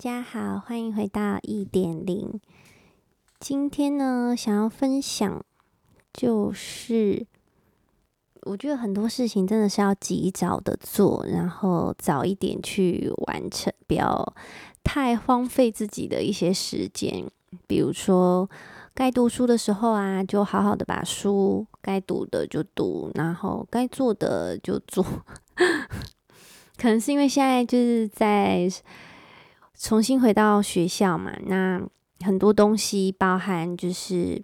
大家好，歡迎回到一點零。今天呢，想要分享就是，我覺得很多事情真的是要及早的做，然後早一點去完成，不要太荒廢自己的一些時間。比如說，該讀書的時候啊，就好好的把書該讀的就讀，然後該做的就做。 可能是因為現在就是在。重新回到學校嘛，那很多東西包含就是，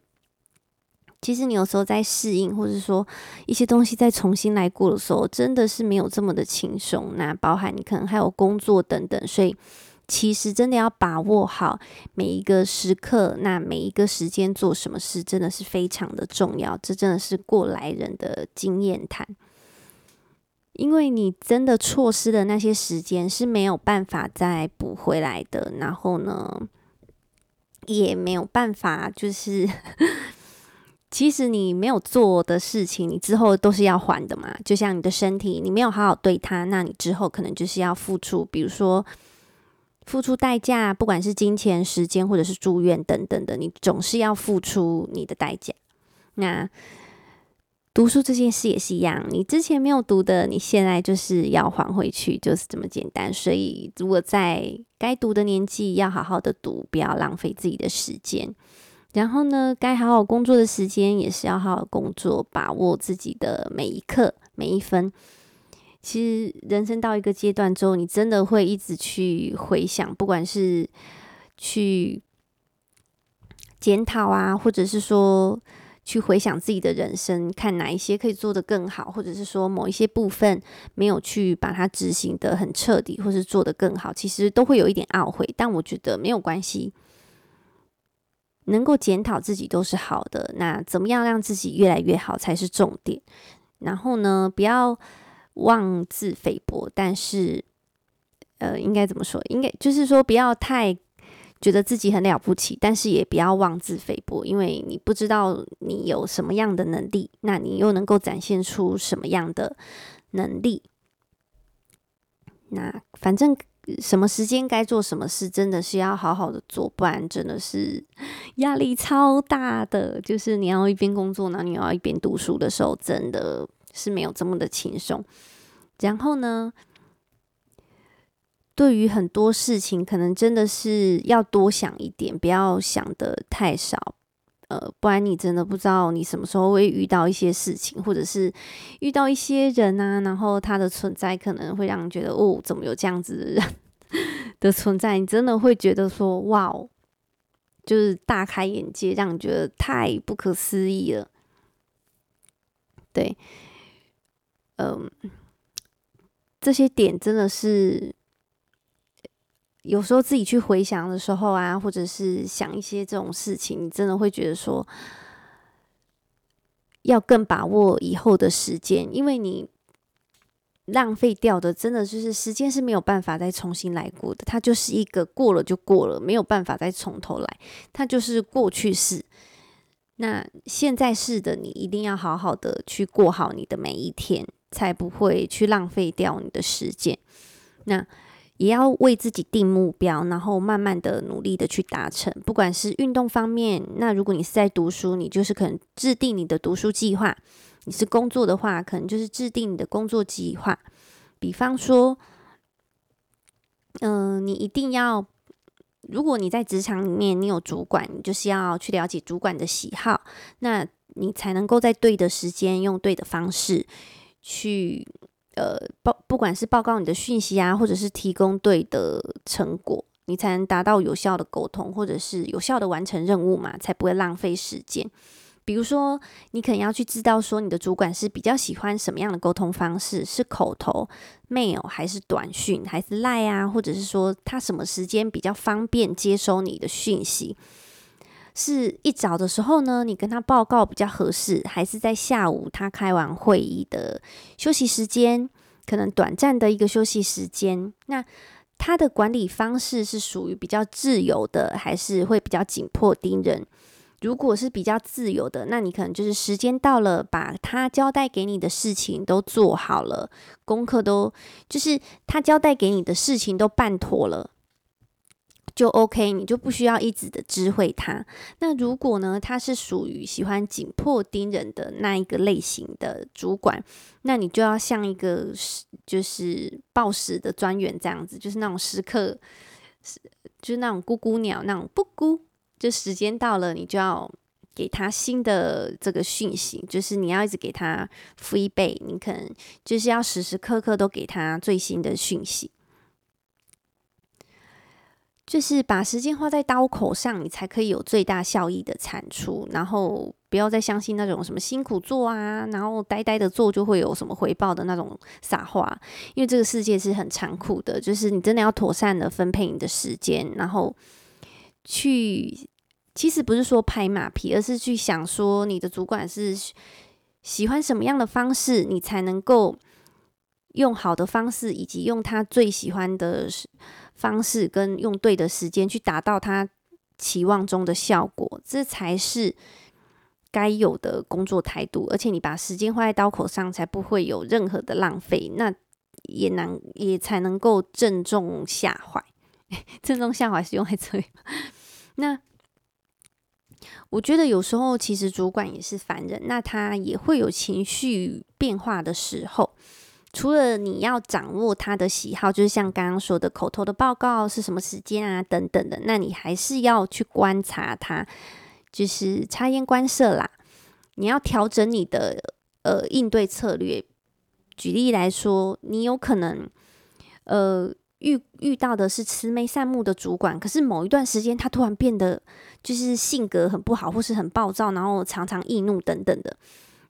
其實你有時候在適應，或者說一些東西在重新來過的時候，真的是沒有這麼的輕鬆。那包含你可能還有工作等等，所以其實真的要把握好每一個時刻，那每一個時間做什麼事真的是非常的重要。這真的是過來人的經驗談。因為你真的錯失的那些時間是沒有辦法再補回來的，然後呢，也沒有辦法，就是其實你沒有做的事情，你之後都是要還的嘛。就像你的身體，你沒有好好對它，那你之後可能就是要付出，比如說付出代價，不管是金錢、時間，或者是住院等等的，你總是要付出你的代價。那。讀書這件事也是一樣，你之前沒有讀的，你現在就是要還回去，就是這麼簡單。所以，如果在該讀的年紀，要好好的讀，不要浪費自己的時間。然後呢，該好好工作的時間，也是要好好工作，把握自己的每一刻、每一分。其實，人生到一個階段之後，你真的會一直去回想，不管是去檢討啊，或者是說，去回想自己的人生，看哪一些可以做得更好，或者是說某一些部分沒有去把它執行得很徹底，或是做得更好，其實都會有一點懊悔。但我覺得沒有關係，能夠檢討自己都是好的。那怎麼樣讓自己越來越好才是重點。然後呢，不要妄自菲薄，但是呃，應該怎麼說？應該就是說不要太。覺得自己很了不起，但是也不要妄自菲薄，因為你不知道你有什麼樣的能力，那你又能夠展現出什麼樣的能力，那反正什麼時間該做什麼事，真的是要好好的做，不然真的是壓力超大的。就是你要一邊工作呢，然後你要一邊讀書的時候，真的是沒有這麼的輕鬆。然後呢，對於很多事情，可能真的是要多想一點，不要想得太少，呃，不然你真的不知道你什麼時候會遇到一些事情，或者是遇到一些人啊，然後他的存在可能會讓你覺得哦，怎麼有這樣子的人的存在？你真的會覺得說哇哦，就是大開眼界，讓你覺得太不可思議了。對，嗯、呃，這些點真的是。有時候自己去回想的時候啊，或者是想一些這種事情，你真的會覺得說，要更把握以後的時間，因為你浪費掉的，真的就是時間是沒有辦法再重新來過的。它就是一個過了就過了，沒有辦法再從頭來，它就是過去式。那現在式的你，一定要好好的去過好你的每一天，才不會去浪費掉你的時間。那。也要為自己定目標，然後慢慢的努力的去達成。不管是運動方面，那如果你是在讀書，你就是可能制定你的讀書計劃；你是工作的話，可能就是制定你的工作計劃。比方說，嗯、呃，你一定要，如果你在職場裡面，你有主管，你就是要去了解主管的喜好，那你才能夠在對的時間用對的方式去。呃，報不管是報告你的訊息啊，或者是提供對的成果，你才能達到有效的溝通，或者是有效的完成任務嘛，才不會浪費時間。比如說，你可能要去知道說，你的主管是比較喜歡什麼樣的溝通方式，是口頭、mail 還是短訊，還是 line 啊，或者是說他什麼時間比較方便接收你的訊息。是一早的時候呢，你跟他報告比較合適，還是在下午他開完會議的休息時間，可能短暫的一個休息時間？那他的管理方式是屬於比較自由的，還是會比較緊迫盯人？如果是比較自由的，那你可能就是時間到了，把他交代給你的事情都做好了，功課都，就是他交代給你的事情都辦妥了。就 OK，你就不需要一直的知會他。那如果呢，他是屬於喜歡緊迫盯人的那一個類型的主管，那你就要像一個就是報時的專員這樣子，就是那種時刻是就是那種咕咕鳥那種不咕、咕，就時間到了，你就要給他新的這個訊息，就是你要一直給他 feedback，你可能就是要時時刻刻都給他最新的訊息。就是把時間花在刀口上，你才可以有最大效益的產出。然後不要再相信那種什麼辛苦做啊，然後呆呆的做就會有什麼回報的那種傻話。因為這個世界是很殘酷的，就是你真的要妥善的分配你的時間，然後去其實不是說拍馬屁，而是去想說你的主管是喜歡什麼樣的方式，你才能夠用好的方式，以及用他最喜歡的。方式跟用對的時間去達到他期望中的效果，這才是該有的工作態度。而且你把時間花在刀口上，才不會有任何的浪費。那也能也才能夠正中下懷。 正中下懷是用在這裡。那我覺得有時候其實主管也是凡人，那他也會有情緒變化的時候。除了你要掌握他的喜好，就是像剛剛說的口頭的報告是什麼時間啊，等等的，那你還是要去觀察他，就是察言觀色啦。你要調整你的呃應對策略。舉例來說，你有可能呃遇遇到的是慈眉善目的主管，可是某一段時間他突然變得就是性格很不好，或是很暴躁，然後常常易怒等等的。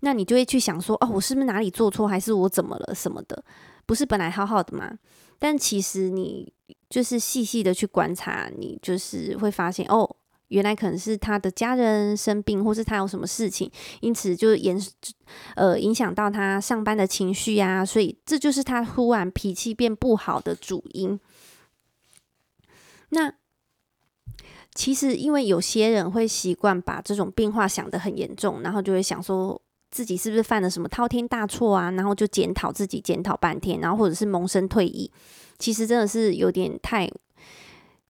那你就會去想說，哦，我是不是哪裡做錯，還是我怎麼了什麼的？不是本來好好的嗎？但其實你就是細細的去觀察，你就是會發現，哦，原來可能是他的家人生病，或是他有什麼事情，因此就是影，呃，影響到他上班的情緒啊，所以這就是他忽然脾氣變不好的主因。那其實因為有些人會習慣把這種變化想得很嚴重，然後就會想說。自己是不是犯了什麼滔天大錯啊？然後就檢討自己，檢討半天，然後或者是萌生退意，其實真的是有點太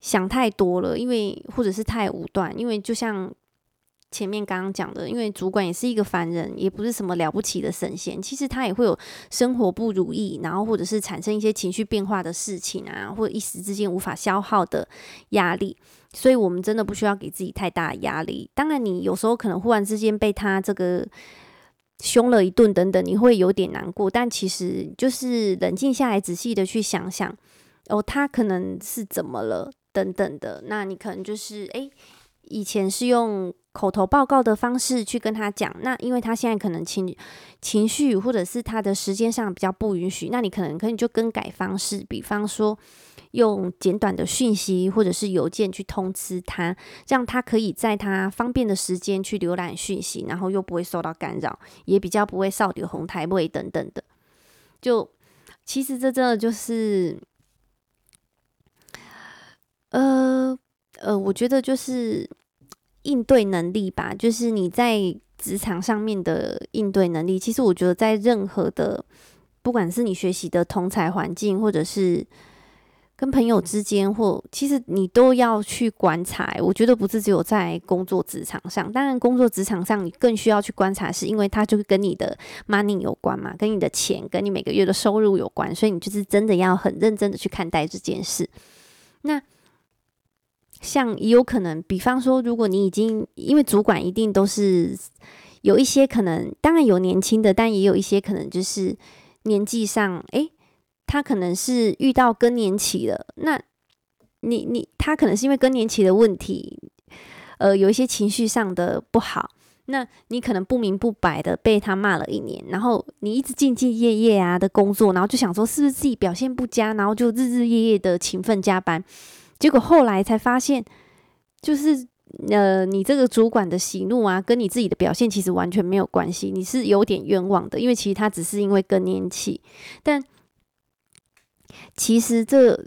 想太多了，因為或者是太武斷。因為就像前面剛剛講的，因為主管也是一個凡人，也不是什麼了不起的神仙，其實他也會有生活不如意，然後或者是產生一些情緒變化的事情啊，或者一時之間無法消耗的壓力。所以，我們真的不需要給自己太大的壓力。當然，你有時候可能忽然之間被他這個。兇了一頓，等等，你會有點難過，但其實就是冷靜下來，仔細的去想想，哦，他可能是怎麼了，等等的，那你可能就是，哎，欸以前是用口頭報告的方式去跟他講，那因為他現在可能情情緒或者是他的時間上比較不允許，那你可能可以就更改方式，比方說用簡短的訊息或者是郵件去通知他，這樣他可以在他方便的時間去瀏覽訊息，然後又不會受到干擾，也比較不會掃到颱風尾等等的。就其實這真的就是。呃，我覺得就是應對能力吧，就是你在職場上面的應對能力。其實我覺得在任何的，不管是你學習的同儕環境，或者是跟朋友之間，或其實你都要去觀察。我覺得不是只有在工作職場上，當然工作職場上你更需要去觀察，是因為它就是跟你的 money 有關嘛，跟你的錢，跟你每個月的收入有關，所以你就是真的要很認真的去看待這件事。那。像也有可能，比方說，如果你已經因為主管一定都是有一些可能，當然有年輕的，但也有一些可能就是年紀上，誒，他可能是遇到更年期了。那你你他可能是因為更年期的問題，呃，有一些情緒上的不好。那你可能不明不白的被他罵了一年，然後你一直兢兢業業啊的工作，然後就想說是不是自己表現不佳，然後就日日夜夜的勤奮加班。結果後來才發現，就是呃，你這個主管的喜怒啊，跟你自己的表現其實完全沒有關係。你是有點冤枉的，因為其實他只是因為更年期。但其實這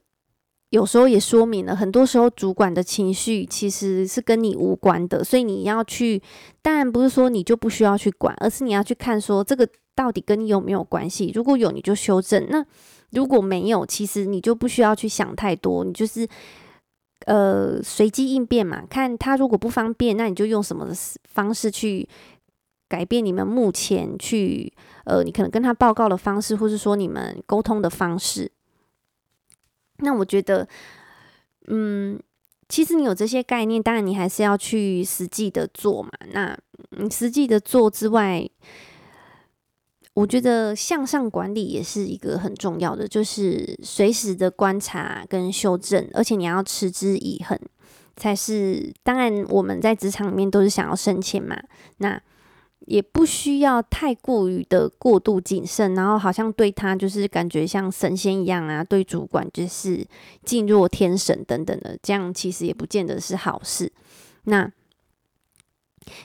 有時候也說明了，很多時候主管的情緒其實是跟你無關的。所以你要去，當然不是說你就不需要去管，而是你要去看說這個到底跟你有沒有關係。如果有，你就修正那。如果沒有，其實你就不需要去想太多，你就是呃隨機應變嘛。看他如果不方便，那你就用什麼方式去改變你們目前去呃，你可能跟他報告的方式，或是說你們溝通的方式。那我覺得，嗯，其實你有這些概念，當然你還是要去實際的做嘛。那你實際的做之外。我覺得向上管理也是一個很重要的，就是隨時的觀察跟修正，而且你要持之以恆，才是。當然，我們在職場裡面都是想要升遷嘛，那也不需要太過於的過度謹慎，然後好像對他就是感覺像神仙一樣啊，對主管就是敬若天神等等的，這樣其實也不見得是好事。那。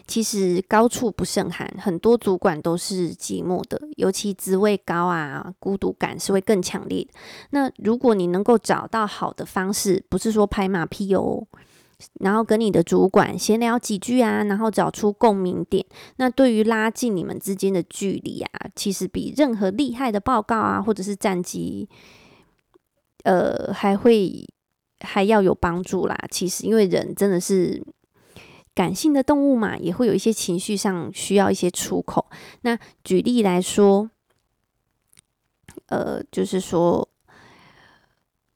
其實高處不勝寒，很多主管都是寂寞的，尤其職位高啊，孤獨感是會更強烈的。那如果你能夠找到好的方式，不是說拍馬屁哦，然後跟你的主管閒聊幾句啊，然後找出共鳴點，那對於拉近你們之間的距離啊，其實比任何厲害的報告啊，或者是戰績，呃，還會還要有幫助啦。其實因為人真的是。感性的動物嘛，也會有一些情緒上需要一些出口。那舉例來說，呃，就是說，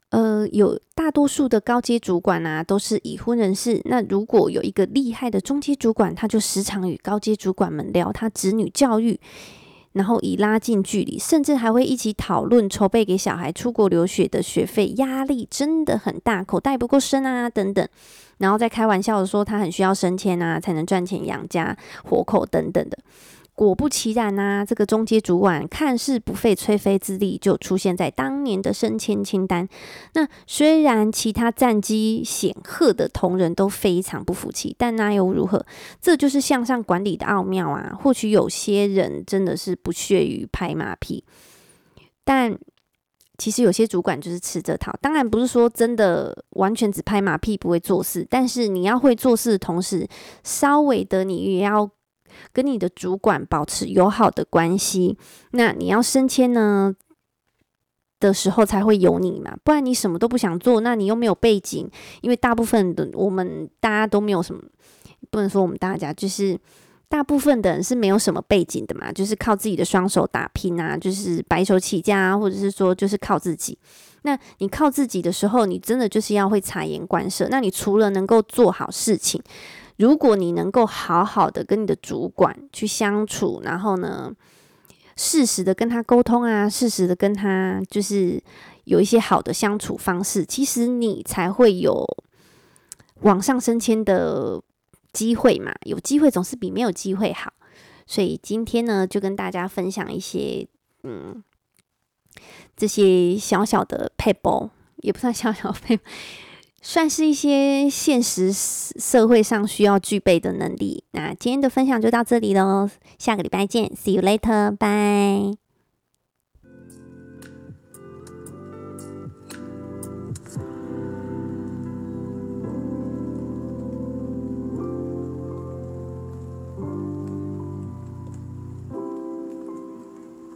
呃，有大多數的高階主管啊，都是已婚人士。那如果有一個厲害的中階主管，他就時常與高階主管們聊他子女教育，然後以拉近距離，甚至還會一起討論籌備給小孩出國留學的學費，壓力真的很大，口袋不夠深啊，等等。然後在開玩笑的說他很需要升遷啊，才能賺錢養家活口等等的。果不其然啊，這個中階主管看似不費吹灰之力就出現在當年的升遷清單。那雖然其他戰績顯赫的同仁都非常不服氣，但那又如何？這就是向上管理的奧妙啊！或許有些人真的是不屑於拍馬屁，但其實有些主管就是吃這套。當然不是說真的完全只拍馬屁不會做事，但是你要會做事的同時，稍微的你也要。跟你的主管保持友好的關係，那你要升遷呢的時候才會有你嘛，不然你什麼都不想做，那你又沒有背景，因為大部分的我們大家都沒有什麼，不能說我們大家，就是大部分的人是沒有什麼背景的嘛，就是靠自己的雙手打拼啊，就是白手起家啊，或者是說就是靠自己。那你靠自己的時候，你真的就是要會察言觀色。那你除了能夠做好事情，如果你能夠好好的跟你的主管去相處，然後呢，適時的跟他溝通啊，適時的跟他就是有一些好的相處方式，其實你才會有往上升遷的機會嘛。有機會總是比沒有機會好，所以今天呢，就跟大家分享一些嗯，這些小小的撇步，也不算小小撇步。算是一些現實社會上需要具備的能力。那今天的分享就到這裡嘍，下個禮拜見，See you later，拜。